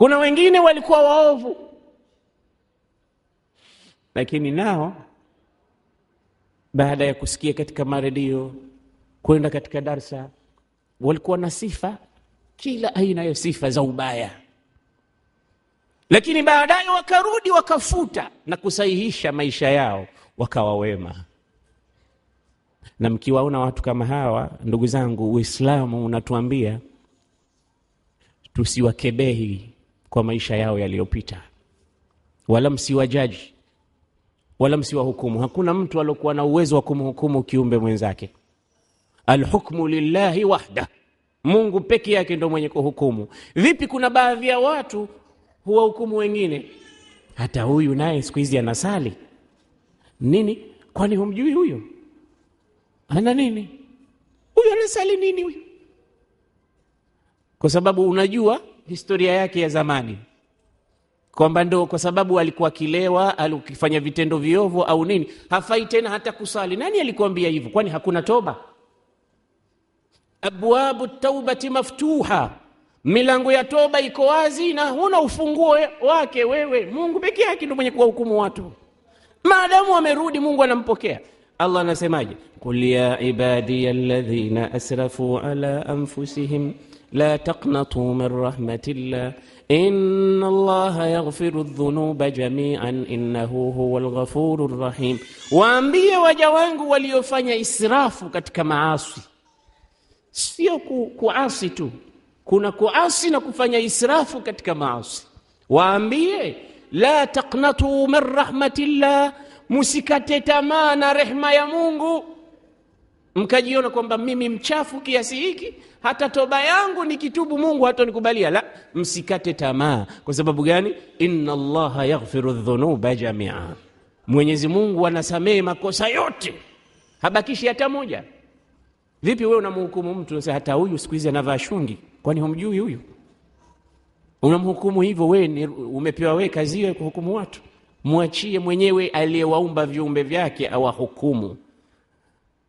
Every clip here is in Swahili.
Kuna wengine walikuwa waovu, lakini nao baada ya kusikia katika maredio, kwenda katika darsa, walikuwa na sifa, kila aina ya sifa za ubaya, lakini baadaye wakarudi wakafuta na kusahihisha maisha yao, wakawa wema. Na mkiwaona watu kama hawa, ndugu zangu, Uislamu unatuambia tusiwakebehi kwa maisha yao yaliyopita, wala msiwajaji wala msiwahukumu. Hakuna mtu aliokuwa na uwezo wa kumhukumu kiumbe mwenzake. Alhukmu lillahi wahda, Mungu peke yake ndo mwenye kuhukumu. Vipi kuna baadhi ya watu huwahukumu wengine, hata huyu naye siku hizi anasali nini? Kwani humjui huyu ana nini? Huyu anasali nini huyu? Kwa sababu unajua historia yake ya zamani, kwamba ndo kwa sababu alikuwa akilewa, alikifanya vitendo viovu au nini, hafai tena hata kusali. Nani alikuambia hivyo? Kwani hakuna toba? Abwabu taubati maftuha, milango ya toba iko wazi na huna ufunguo wake wewe. Mungu pekee yake ndo mwenye kuwahukumu watu. Maadamu wamerudi, Mungu anampokea. Allah anasemaje? Qul ya ibadiy alladhina asrafu ala anfusihim لا تقنطوا من رحمة الله إن الله يغفر الذنوب جميعا إنه هو الغفور الرحيم وأنبي وجوانق وليفني إسراف كتك معاصي سيكو كعاصي تو كنا كعاصي نكفني إسراف كتك معاصي وأنبي لا تقنطوا من رحمة الله مسكتتما تمانا يمونغو mkajiona kwamba mimi mchafu kiasi hiki, hata toba yangu nikitubu Mungu hatonikubalia. La, msikate tamaa. Kwa sababu gani? inna Allaha yaghfiru dhunuba jamia, Mwenyezi Mungu anasamehe makosa yote, habakishi hata moja. Vipi wewe unamhukumu mtu sasa, hata huyu siku hizi anavaa shungi, kwani humjui huyu? Unamhukumu hivyo? Wewe umepewa wewe kazi ya kuhukumu watu? Mwachie mwenyewe aliyewaumba viumbe vyake awahukumu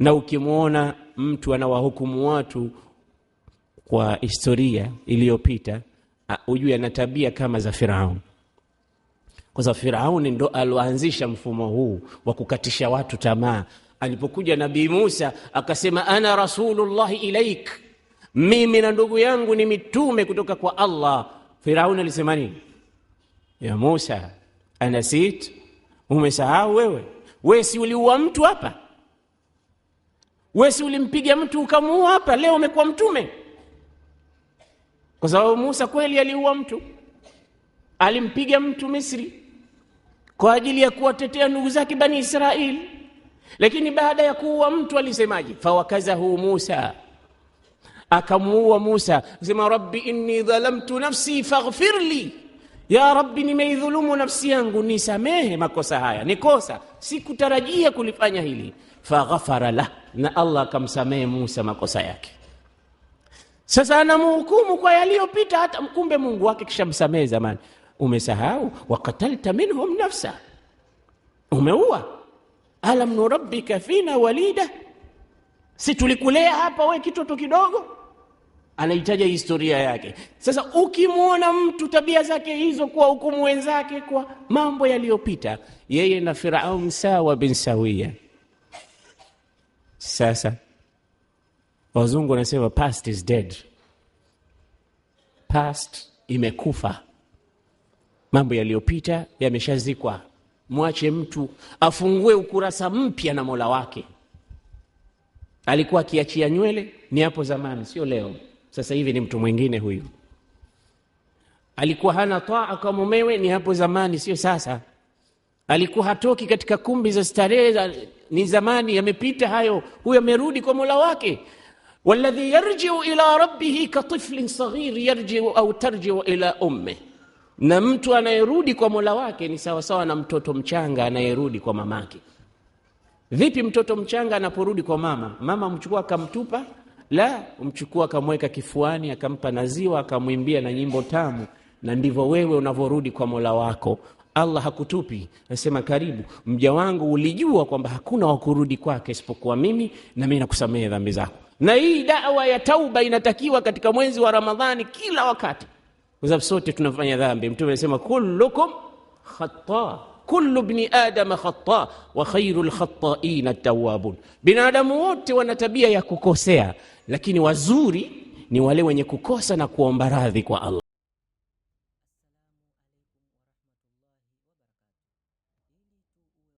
na ukimwona mtu anawahukumu watu kwa historia iliyopita ujue ana tabia kama za Firaun, kwa sababu Firauni ndo aloanzisha mfumo huu wa kukatisha watu tamaa. Alipokuja Nabii Musa akasema, ana rasulullahi ilaik, mimi na ndugu yangu ni mitume kutoka kwa Allah. Firauni alisema nini? Ya Musa, anasit, umesahau wewe? We si uliua mtu hapa wesi ulimpiga mtu ukamuua hapa leo umekuwa mtume kwa sababu Musa kweli aliua mtu alimpiga mtu Misri kwa ajili ya kuwatetea ndugu zake bani Israili lakini baada ya kuua mtu alisemaje fawakazahu Musa akamuua Musa sema rabbi inni dhalamtu nafsi faghfirli ya Rabbi, nimeidhulumu nafsi yangu, nisamehe makosa haya, ni kosa sikutarajia kulifanya hili. Faghafara lah, na Allah akamsamehe Musa makosa yake. Sasa anamhukumu kwa yaliyopita, hata mkumbe Mungu wake kishamsamehe zamani. Umesahau wakatalta minhum nafsa, umeua. Alam nurabbika fina walida, si tulikulea hapa we kitoto kidogo anahitaja historia yake. Sasa ukimwona mtu tabia zake hizo, kuwa hukumu wenzake kwa mambo yaliyopita, yeye na Firaun sawa bin sawia. Sasa wazungu wanasema past is dead, past imekufa, mambo yaliyopita yameshazikwa. Mwache mtu afungue ukurasa mpya na Mola wake. Alikuwa akiachia nywele ni hapo zamani, sio leo sasa hivi ni mtu mwingine huyu. Alikuwa hana taa kwa mumewe, ni hapo zamani, sio sasa. Alikuwa hatoki katika kumbi za starehe, ni zamani, yamepita hayo. huyo amerudi kwa mola wake. Walladhi yarjiu ila rabbihi katiflin saghir yarjiu au tarjiu ila umme na mtu anayerudi kwa mola wake ni sawasawa na mtoto mchanga anayerudi kwa mamake. Vipi mtoto mchanga anaporudi kwa mama? Mama mchukua akamtupa la umchukua akamweka kifuani akampa naziwa akamwimbia na nyimbo tamu, na ndivyo wewe unavyorudi kwa Mola wako. Allah hakutupi, nasema karibu mja wangu, ulijua kwamba hakuna wa kurudi kwake isipokuwa mimi, na mimi nakusamehe dhambi zako. Na hii dawa ya tauba inatakiwa katika mwezi wa Ramadhani kila wakati, kwa sababu sote tunafanya dhambi. Mtume anasema kullukum khata كل ابن ادم خطاء وخير الخطائين التوابون بن ادم ووت وانا تبيه يا لكن وزوري ni ولي wenye kukosa na kuomba radhi kwa Allah